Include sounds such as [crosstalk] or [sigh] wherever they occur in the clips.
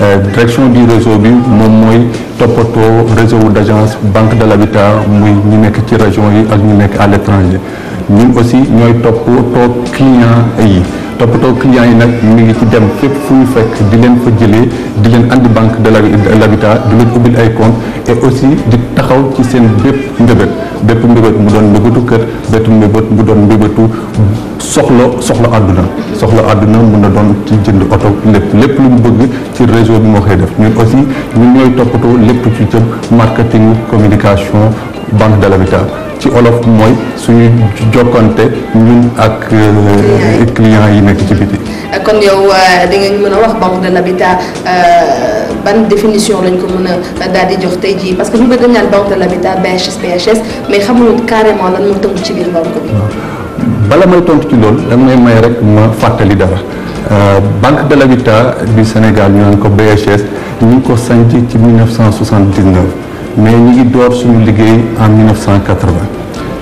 Euh, direction du réseau bi moom mooy toppatoo réseau d' agence banque de l'habitat muy ñu nekk ci région yi ak ñu nekk à l' étranger ñun aussi ñooy toppatoo client yi toppatoo clients yi nag mi ngi ci dem képp fu ñu fekk di leen fa jëlee di leen andi banque de l'habitat du leen ubbil ay compte aussi di taxaw ci seen bépp mbébét bépp mbébét mu doon mbébétu kër bépp mbébét mu doon mbébétu soxla soxla àdduna soxla àdduna mën na doon ci jënd oto lépp lépp lu mu bëgg ci réseau bi moo koy def ñun aussi ñun ñooy toppatoo lépp ci jëm marketing communication banque de l'habitat ci olof mooy suñu jokkante ñun ak euh, clients yi nekk ci biti. kon yow euh, da ngeen mën a wax banque de l'habitat euh, ban définition lañ ko mën a daal jox tey jii parce que ñu bëgg naan banque de l'habitat BHS PHS mais xamuñu carrément lan moo tënk ci biir banque bi. bala may tontu ci loolu da may may rek ma fàttali dara banque de l'habitat du Sénégal ñu naan ko BHS ñu ngi ko sanc ci 1979. mais ñu ngi door suñu liggéey en 1980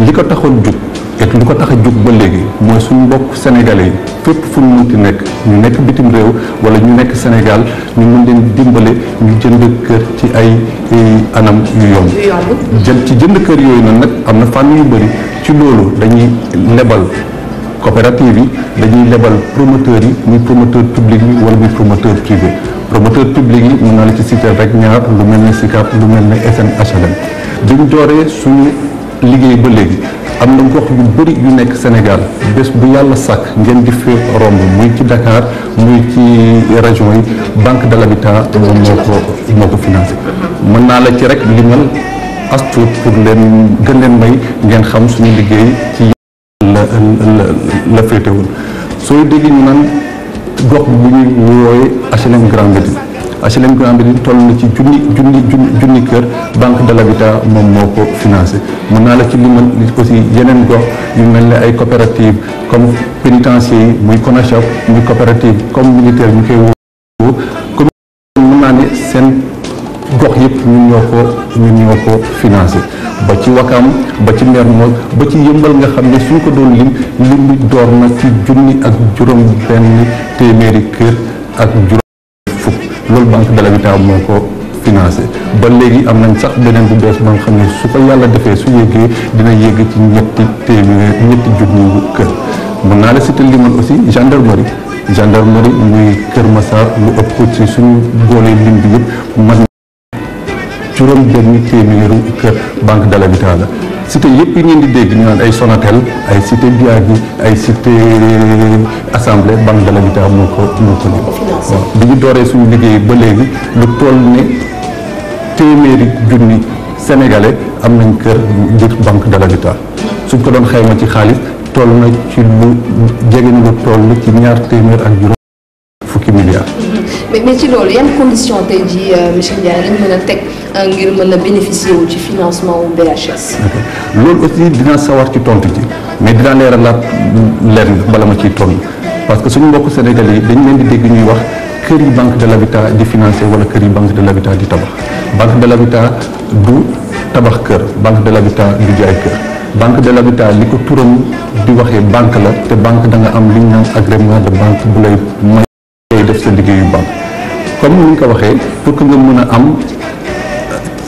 li ko taxoon jug et lu ko tax a jug ba léegi mooy suñu mbokk sénégalais yi fépp fu ñu munti nekk ñu nekk bitim réew wala ñu nekk Sénégal ñu mën leen dimbale ñu jënd kër ci ay e, anam yu yomb jëm ci jënd kër yooyu nag nag am na fànn yu bëri ci loolu dañuy lebal coopérative yi dañuy lebal promoteur yi muy promoteur public yi wala muy promoteur privé promoteur public yi mën naa la ci citer rek ñaar lu mel ne SICAP lu mel ne SNHLM duñ dooree suñu liggéey ba léegi am na gox yu bëri yu nekk Sénégal bés bu yàlla sàkk ngeen di fi romb muy ci Dakar muy ci région yi banque de l'habitat moo ko moo ko financé mën naa la ci rek limal astuut pour leen gën leen may ngeen xam suñu liggéey ci la féetewul sooy dégg ñu naan gox bu ñuy wooyee HLM Grand Médine HLM Grand Médine toll na ci junni junni junni kër banque de l'habitat moom moo ko financé mën naa la ci limal aussi yeneen gox yu mel ne ay coopérative comme pénitencier yi muy CONACHOP muy coopérative comme militaire ñu koy woo commune mën naa ne seen gox yëpp ñun ñoo ko ñun ñoo ko financé ba ci Wakam ba ci Mermoz ba ci yëmbal nga xam ne suñ ko doon lim lim bi door na ci junni ak juróom benn téeméeri kër ak juróom loolu banque de l'habitat moo ko financé ba léegi am nañ sax beneen bu bees ba nga xam ne su ko yàlla defee su yéegee dina yéeg ci ñetti téeméer ñetti junni kër mën naa la cité limal aussi gendarmerie gendarmerie muy Kër Massar lu ëpp ci suñu boolee lim bi yëpp juróom benn téeméeru kër banque de l'habitat la cité yëpp yi dégg ñu ay Sonatel ay cité Biagui ay cité euh, assemblée banque de l'habitat moo ko moo ko ne bi ñu dooree suñu liggéey ba léegi lu toll ne téeméeri junni sénégalais am nañ kër ngir banque de l'habitat suñ ko doon xayma ci xaalis toll na ci lu jege lu toll ci ñaar téeméer ak juróom fukki milliards [laughs] mais mais ci loolu yan condition tey jii euh, monsieur Ndiaye lañ mën a teg Euh, ngir mën a loolu aussi dinaa sawar ci tontu ji mais dinaa leeralaat lenn bala ma ciy tontu parce que suñu mbokk Sénégal yi dañ leen di dégg ñuy wax kër yi banque de l'habitat di financé wala kër yi banque de l'habitat di tabax banque de l'habitat du tabax kër banque de l'habitat du jaay kër. banque de l'habitat li ko turam di waxee banque la te banque danga am li ñu naan agrément de banque bu lay may def sa liggéeyu banque comme ni ñu ko waxee pour que nga mën a am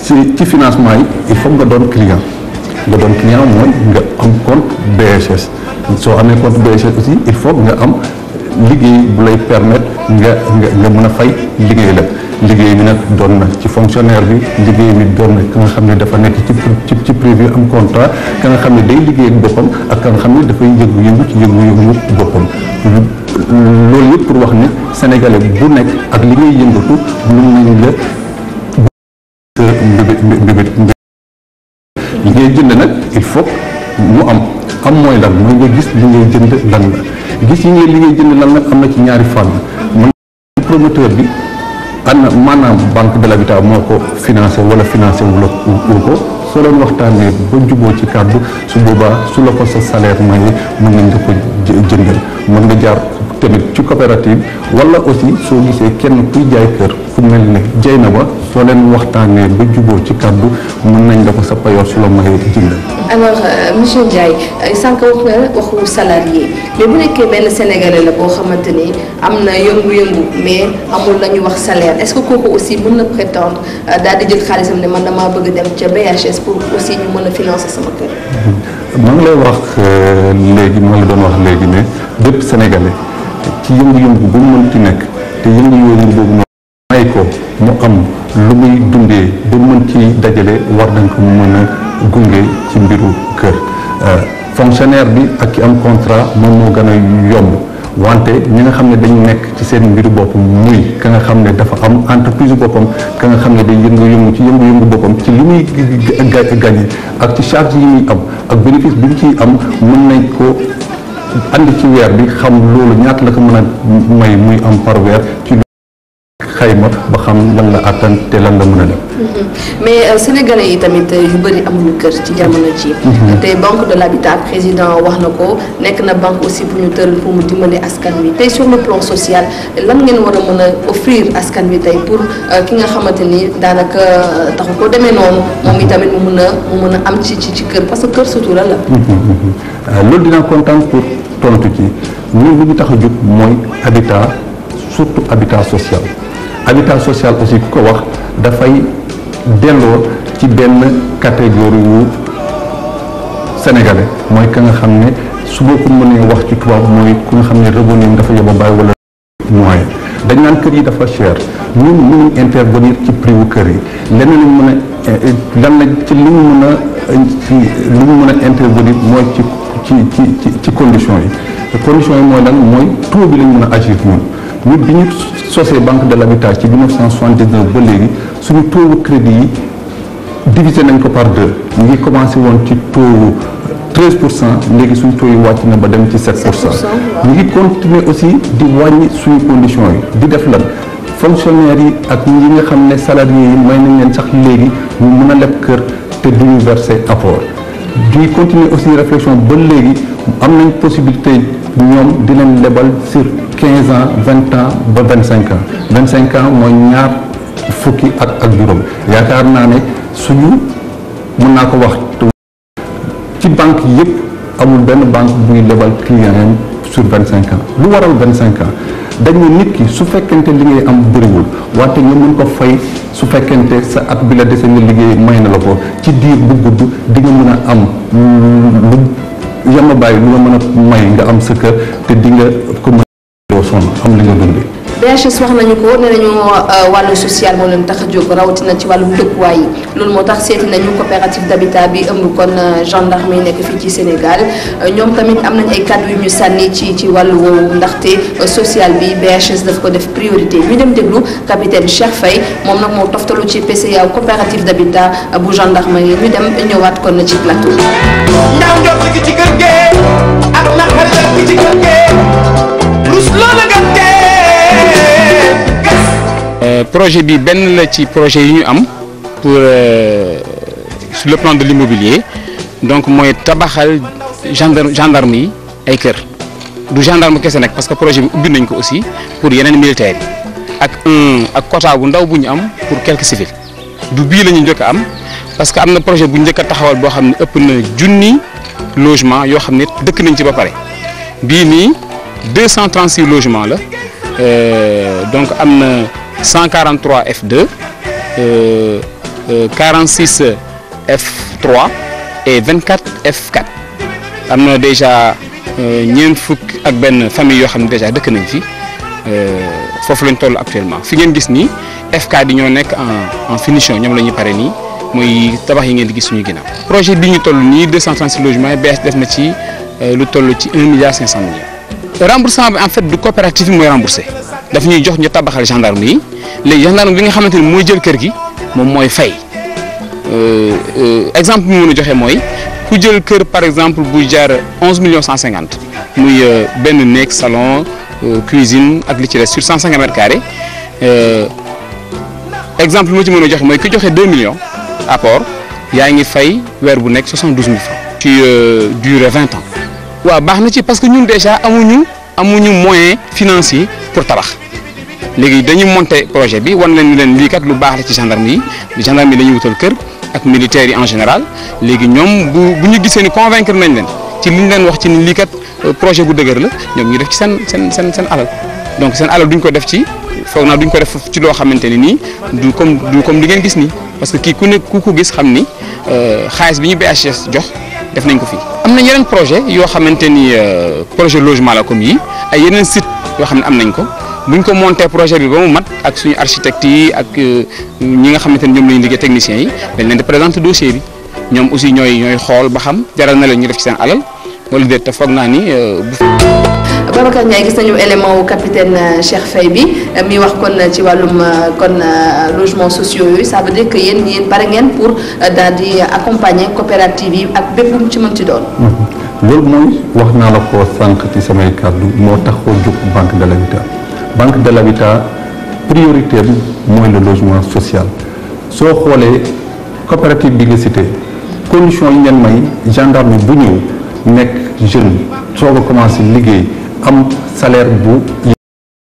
si ci financement yi il faut nga doon client nga doon client mooy nga am compte BHS soo amee compte BHS aussi il faut nga am liggéey bu lay permettre nga nga nga mën a fay liggéey la liggéey bi nag doon na ci fonctionnaire bi liggéey bi doon na ka nga xam ne dafa nekk ci ci ci privé am contrat ka nga xam ne day liggéey boppam ak ka nga xam ne dafay yëngu-yëngu ci yëngu-yëngu boppam loolu yëpp pour wax ne sénégalais bu nekk ak li ngay yëngatu mën nañ la mbébét li ngay jënd nag il faut mu am am mooy lan mooy nga gis li ngay jënd lan la gis yi ngay li ngay jënd lan nag am na ci ñaari fànn man promoteur bi ana maanaam banque de l'habitat moo ko financé wala financé wula ko soo leen waxtaanee ba juboo ci kàddu su boobaa su la ko sa salaire maye mën nañ nga ko jëndal mën nga jaar tamit ci coopérative wala aussi soo gisee kenn kuy jaay kër ku mel ne jay na ba soo leen waxtaanee ba juboo ci kàddu mën nañ la ko sa payoor su la may jënd. alors euh, monsieur Ndiaye euh, sànq wax na waxu salarié mais bu nekkee benn sénégalais la boo xamante ni am na yëngu-yëngu mais amul la wax salaire est-ce que kooku aussi mën na prétendre euh, daal jël xaalisam ne man damaa bëgg dem ca BHS pour aussi ñu mën a financer sama kër. Mhm. maa lay wax léegi maa ngi doon wax léegi ne ci yëngu-yëngu bu mu mënti nekk te yëngu-yëngu boobu noonu may ko mu am lu muy dundee ba mën ci dajale war nañ ko mën a gunge ci mbiru kër euh, fonctionnaire bi ak ki am contrat moom moo gën a yomb wante ñi nga xam ne dañu nekk ci seen mbiru boppam muy ka nga xam ne dafa am entreprise boppam ka nga xam ne day yëngu-yëngu ci yëngu-yëngu boppam ci li muy gagné ak ci charge yi muy am ak bénéfice bi mu ciy am mën nañ ko ànd ci weer bi xam loolu ñaata la ko mën a may muy am par weer. xayma ba xam lan la àttan te lan la mën a def. Mm-hmm. mais euh, sénégalais yi tamit euh, yu bëri amuñu kër ci jamono ji. Mm-hmm. te banque de l'habitat président wax na ko nekk na banque aussi bu ñu tëral pour mu dimbali askan wi tey sur le plan social lan ngeen a mën a offrir askan wi tey pour euh, ki nga xamante ni daanaka taxu ko demee noonu moom itamit mën a mu mën am ci ci kër parce que kër surtout lan la. Mm-hmm, loolu dinaa kontaan pour tontu ji ñun li ñu tax a jóg mooy habitat surtout habitat social. habitat social aussi ku ko wax dafay delloo ci benn catégorie wu sénégalais mooy ka nga xam ne su ma ko mënee wax ci tubaab mooy ku nga xam ne revenu dafa yóbbu bàyyi wala moyen dañu naan kër yi dafa cher ñun mënuñ intervenir ci prix kër yi leneen lañ mën a eh, lan la ci li ñu mën a li mën a intervenir mooy ci ci ci ci conditions yi conditions yi mooy lan mooy taux bi lañ mën a agir ñun ñu bi ñu sosee banque de l'habitat ci 1979 ba léegi suñu taux crédit yi divisé nañ ko par deux ñu ngi commencé woon ci taux 13 pour cent léegi suñu taux yi wàcc na ba dem ci 7 pour cent ñu ngi continuer aussi di wàññi suñu condition yi di def lan fonctionnaires yi ak ñi nga xam ne salariés yi may nañ leen sax léegi ñu mën a leb kër te duñu verser apport di continuer aussi réflexion ba léegi am nañ possibilité ñoom dinañ lebal sur 15 ans 20 ans ba 25 ans 25 ans mooy ñaar fukki at ak juróom yaakaar naa ne suñu mun naa ko wax ci banque yëpp amul benn banque buy lebal client yam sur 25 ans lu waral 25 ans dañu nit ki su fekkente li ngay am bëriwul wante nga mën ko fay su fekkente sa at bi la dese nga liggéey may na la ko ci diir bu gudd di nga mën a am lu yama bàyyi lu nga mën a may nga am sa te di nga ko sonn xam nañu ko nee nañu euh, wàllu social moo leen tax a jóg rawatina ci wàllum dëkkuwaay yi loolu moo tax seeti nañu coopérative d'habitat bi ëmb kon euh, gendarmerie nekk fii ci Sénégal euh, ñoom tamit am nañ ay kàddu yu ñu sànni ci ci wàllu ndaxte social bi BHS daf ko def priorité ñu dem déglu capitaine Cheikh Faye moom nag moo toftalu ci PCA coopérative d'habitat bu gendarmerie ñu dem ñëwaat kon na ci plateau. ndaw njort gi ci kër gee ak naqar gi ci kër gee. projet bi benn la ci projet yi ñu am pour euh, sur le plan de l'immobilier donc mooy tabaxal gendarme gendarme yi ay kër du gendarme kese nag parce que projet bi ubbi nañ ko aussi pour yeneen militaires ak ak ak quota bu ndaw bu ñu am pour quelques civils du bii la ñu njëkk am parce que am na projet bu njëkk a taxawal boo xam ne ëpp na junni logement yoo xam ne dëkk nañ ci ba pare bii nii 236 logements la euh, donc am na 143 F2 euh, euh, 46 F3 et 24 F4 am na déjà euh, ñeent fukk ak benn famille yoo xam ne déjà dëkk nañ fi euh, foofu lañ toll actuellement fi ngeen gis nii F4 di ñoo nekk en en finition ñoom la ñuy pare nii mooy tabax yi ngeen di gis suñu projet bi ñu toll nii 236 logements BS def na ci euh, lu toll ci 1 milliard 500 cent remboursement bi en fait du coopérative mooy remboursé. daf ñuy jox ñu tabaxal gendarme yi léegi gendarme bi nga xamante ni mooy jël kër gi moom mooy fay euh, euh, exemple bi mu joxe mooy ku jël kër par exemple bu jar onze millions cent cinquante muy euh, benn néeg salon cuisine ak li ci des sur cent cinquante mètres carrés exemple moo ci mën a joxe mooy ki joxe deux millions apport yaa ngi fay weer bu nekk soixante douze mille ci durée vingt ans. waaw baax na ci parce que ñun déjà amuñu. amuñu moyen financier pour tabax léegi dañu monter projet bi wan leen ni leen lii lu baax la ci gendarme yi gendarme yi dañuy wutal kër ak militaires yi en général léegi ñoom bu ñu gisee ni convaincre nañ leen ci li liñ leen wax ci ni lii euh, projet bu dëgër la ñoom ñu def ci seen seen seen seen alal donc seen alal duñ ko def ci foog naa duñ ko def ci loo xamante ni nii du comme du comme li ngeen gis ni parce que kii ku ne ku ko gis xam ni euh, xaalis bi ñu BHS jox def nañ ko fii. am nañ yeneen projet yoo xamante ni euh, projet logement la comme yi ay yeneen site yoo xam ne am nañ ko buñ ko monté projet bi ba mu mat ak suñu architecte yi ak euh, ñi nga xamante ni ñoom lañu liggéey techniciens yi dañ leen di présenter dossier bi ñoom aussi ñooy ñooy xool ba xam jaral na leen ñu def ci seen alal wala déet te foog naa ni euh, bu Babacar Ndiaye gis nañu élément wu capitaine euh, Cheikh Faye bi euh, mi wax kon euh, ci wàllum kon logements sociaux yooyu sa veut que yéen yéen pare ngeen pour daal di accompagner coopérative yi ak bépp ci mu ci doon. Mhm. loolu mooy wax naa la ko sànq ci samay kàddu moo tax ko jóg banque de l'habitat banque de l'habitat priorité bi mooy le logement social soo xoolee coopérative bi nga cité condition yi ngeen may gendarme bu ñëw nekk jeune soo ko commencé liggéey. am salaire bu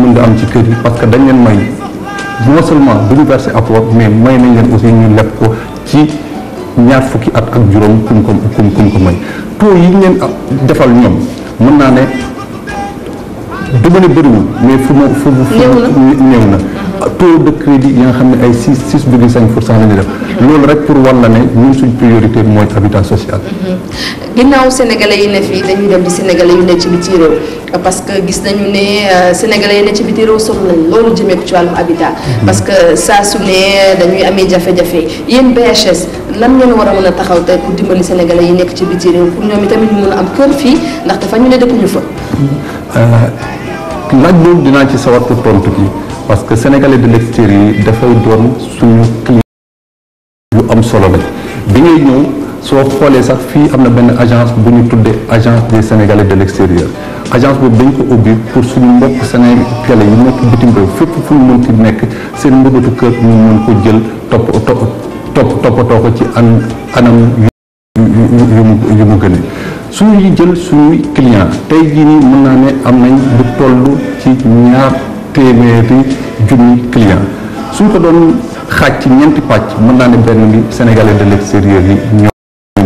mën di am ci kër yi parce que dañ leen may non seulement duñu verser apport mais may nañ leen aussi ñu leb ko ci ñaar fukki at ak juróom kum ko kum kum ko may taux yi ñu leen defal ñoom mën naa ne du ma ne bëriwul mais fu ma fu néew na taux de crédit yi nga xam ne ay six six virgule cinq pour cent la ñu def loolu rek pour wan la ne ñun suñ priorité mooy habitat social. Mm-hmm. ginnaaw sénégalais yi ne fii dañuy dem di sénégalais yu ne ci biti réew parce que gis nañu ne euh, sénégalais yi ne ci biti réew soxla nañ loolu jëmee ko ci mm-hmm. parce que saa su ne dañuy amee jafe-jafe yéen lan ngeen war a mën a taxaw tey pour dimbali sénégalais yi nekk ci biti ñoom itamit ñu mën am kër fii ndax dafa ñu ne dëkkuñu fa. Euh, laaj boobu dinaa ci sawar pour tontu kii. parce que sénégalais de l'extérieur yi dafay doon suñu client yu am solo la bi ngay ñëw soo xoolee sax fii am na benn agence bu ñu tuddee agence des sénégalais de l'extérieur agence boobu dañ ko ubbi pour suñu mbokk sénégalais yi nekk bitim réew fépp fu ñu mënti nekk seen mbëggatu kër ñu mën ko jël topp topp toppatoo ko ci an anam yu yu mu gëne suñuy jël suñuy client tey jii nii mën naa ne am nañ lu toll ci ñaar téeméeri junni client suñ ko doon xaaj ci ñeenti pàcc mën naa ne benn bi sénégalais de l'extérieur yi ñoo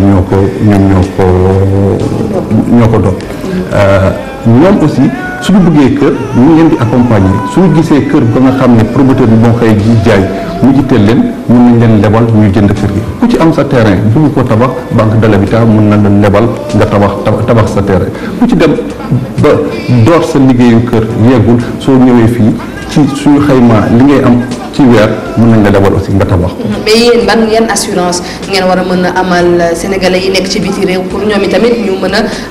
ñoo ko ñoom ñoo ko ñoo ko doon Euh, ñoom aussi suñu bëggee kër ñu leen di accompagner suñu gisee kër ba nga xam ne promoteur bi moo xëy ji jaay mu jitteel leen mën nañ leen lebal ñu jënd kër gi ku ci am sa terrain bu ñu ko tabax banque de l'habitat mën na la lebal nga tabax tabax sa terrain ku ci dem ba door sa liggéeyu kër yeegul soo ñëwee fii ci suñu xayma li ngay am ci weer mun nañ la lebal aussi nga tabax. Mm-hmm. mais yéen ban yan assurance ngeen war a mën a amal sénégalais yi nekk ci biti réew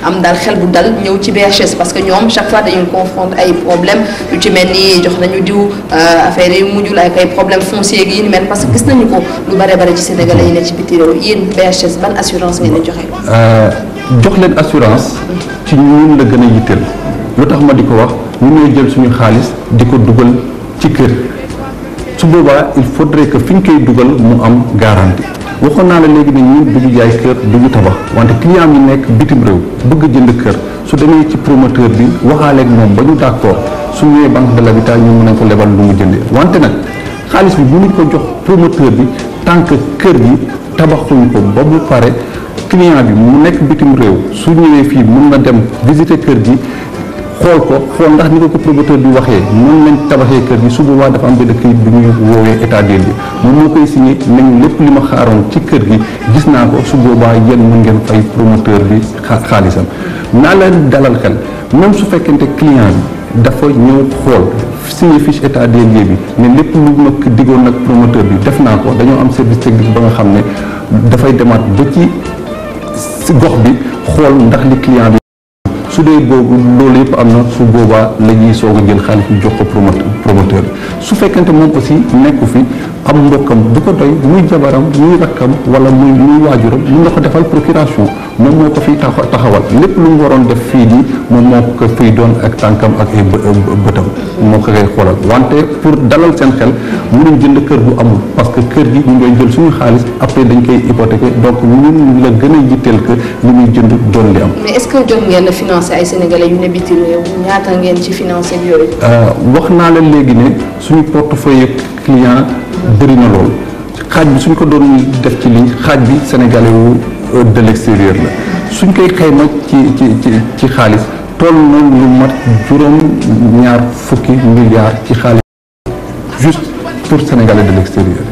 am daal ñëw ci BHS parce que ñoom chaque fois dañuy confronter ay problèmes yu ci mel ni jox nañu diw euh, affaire yi mujjul ak ay problèmes fonciers yi ni mel parce que gis nañu ko lu bare bare ci Sénégalais yi ne ci biti réew yéen BHS ban assurance ngeen di euh, jox leen assurance. ci ñu ñun la gën a yitteel. lu tax ma di ko wax ñu ñooy jël suñu xaalis di ko dugal ci kër su boobaa il faudrait que fi ñu koy dugal mu am garantie. waxoon naa la léegi ne ñun du ñu jaay kër du ñu tabax wante client yi nekk bitim réew jënd kër su demee ci promoteur bi waxaaleeg moom ba ñu d'accord su ñëwee banque de l'habitat ñu mën nañ ko lebal lu mu jëndee wante nag xaalis bi mënuñ ko jox promoteur bi tant que kër gi tabaxuñ ko ba mu pare client bi mu nekk bitim réew su ñëwee fii mun na dem visiter kër gi xool ko xool ndax ni ko ko promoteur bi waxee mën nañ tabaxee kër gi su boobaa dafa am benn këyit bi ñuy woowee état des lieux moom moo koy signé nañu lépp li ma xaaroon ci kër gi gis naa ko su boobaa yéen mën ngeen fay promoteur bi xaalisam naa leen dalal xel même su fekkente client bi dafa ñëw xool signé fiche état des lieux bi ne lépp lu ma digoon nag promoteur bi def naa ko dañoo am service technique ba nga xam ne dafay demaat ba ci si gox bi xool ndax li client bi su dee boobu loolu yëpp am na su boobaa la ñuy soog a jël xaalis bi jox ko promoteur promoteur su fekkente moom aussi nekku fi am mbokkam bu ko doy muy jabaram muy rakkam wala muy muy waajuram mun na ko defal procuration moom moo ko fiy taxawal lépp lu mu waroon def fii nii moom moo ko fiy doon ak tànkam ak ay bëtam moo ko koy xoolal wante pour dalal seen xel nu jënd kër bu amul parce que kër gi ñu ngi jël suñu xaalis après dañ koy hypothéquer donc ñun la gën a yitteel que lu ñuy jënd doon li am. ce que ngeen a financer ay sénégalais yu ne bitim réew ñaata euh, wax naa leen léegi ne suñu portefeuille client. bëri na lool xaaj bi suñ ko doon def ci lii xaaj bi sénégalais wu euh, de l'extérieur la suñ koy xayma ci ci ci ci xaalis toll na lu mat juróom ñaar fukki milliards ci xaalis juste pour sénégalais de l'extérieur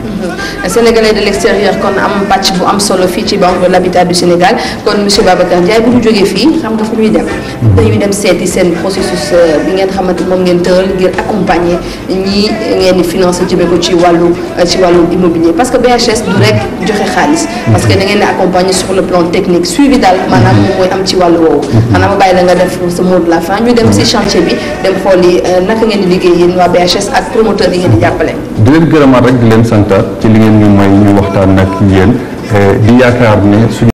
sénégalais de l'extérieur kon am pàcc bu am solo fii ci banque de l'habitat du Sénégal kon monsieur Babacar Ndiaye bu ñu jógee fii xam nga fu ñuy dem hmm. dem seeti seen processus euh, bi ngeen xamante moom ngeen tëral ngir accompagner ñi ngeen di financer jëmee ko ci wàllu euh, ci wàllu immobilier parce que BHS du rek joxe xaalis hmm. parce que da ngeen di accompagner sur le plan technique suivi daal hmm. maanaam moom mooy am ci wàllu woowu maanaam ma bàyyi la def sa mot de la fin ñu dem si chantier bi dem euh, ngeen di liggéey yéen waa BHS ak promoteur di jàppale di leen gërëmaat rek di leen santaat ci li ngeen ñu may ñu waxtaan ak yéen eh, di yaakaar ne su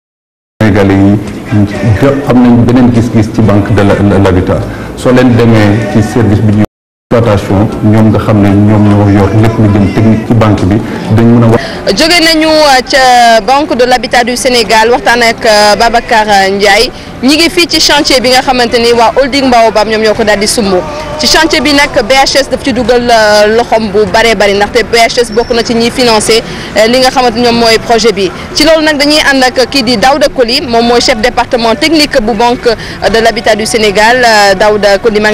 Sénégalais yi am nañ beneen gis-gis ci banque de l'habitat soo leen demee ci service bi exploitation ñoom xam ne ñoo yor lépp nañu euh, ca banque de l'habitat du Sénégal waxtaan ak euh, Babacar Ndiaye ñi ngi fii ci chantier bi nga xamante ni waa holding Baobab ñoom yokk ko di sumb ci chantier bi nag BHS daf ci dugal euh, loxom bu bare bari ndaxte BHS bokk na ci ñiy financé li nga xamante ñoom mooy projet bi ci loolu nag dañuy ànd ak kii di Daouda Koli moom mooy chef département technique bu banque de l'habitat du Sénégal Daouda Koli maa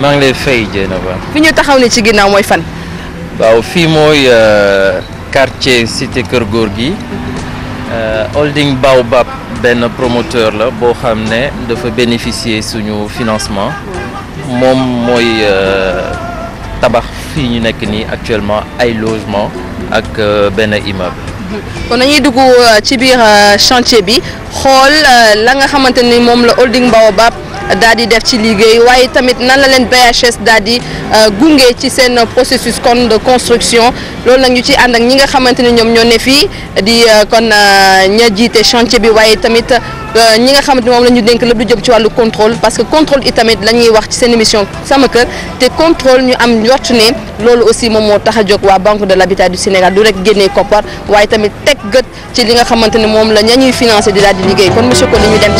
maa ngi lay fay Dieynaba. fi ñu taxaw ni ci ginnaaw mooy fan. waaw fii mooy euh, quartier cité Kër Góor gi euh, holding Baobab benn promoteur la boo xam ne dafa bénéficier suñu financement moom mooy euh, tabax fii ñu nekk nii actuellement ay logement ak benn immeuble. kon nañuy dugg ci biir chantier bi xool la nga xamante ni moom la holding Baobab. daal di def ci liggéey waaye tamit nan la leen BHS daal di euh, gunge ci seen processus kon de construction loolu nag ñu ci ànd ak ñi nga xamante ne ñoom ñoo ne fii di euh, kon euh, ña jiite chantier bi waaye tamit ñi nga xamante moom la ñu dénk lépp lu jëm ci wàllu contrôle parce que contrôle itamit la ñuy wax ci seen émission sama kër te contrôle ñu am njort ne loolu aussi moom moo tax a jóg waa banque de l'habitat du Sénégal du rek génnee koppar waaye tamit te gët ci li nga xamante ne moom la ña ñuy financé di daal liggéey kon monsieur ko li ñu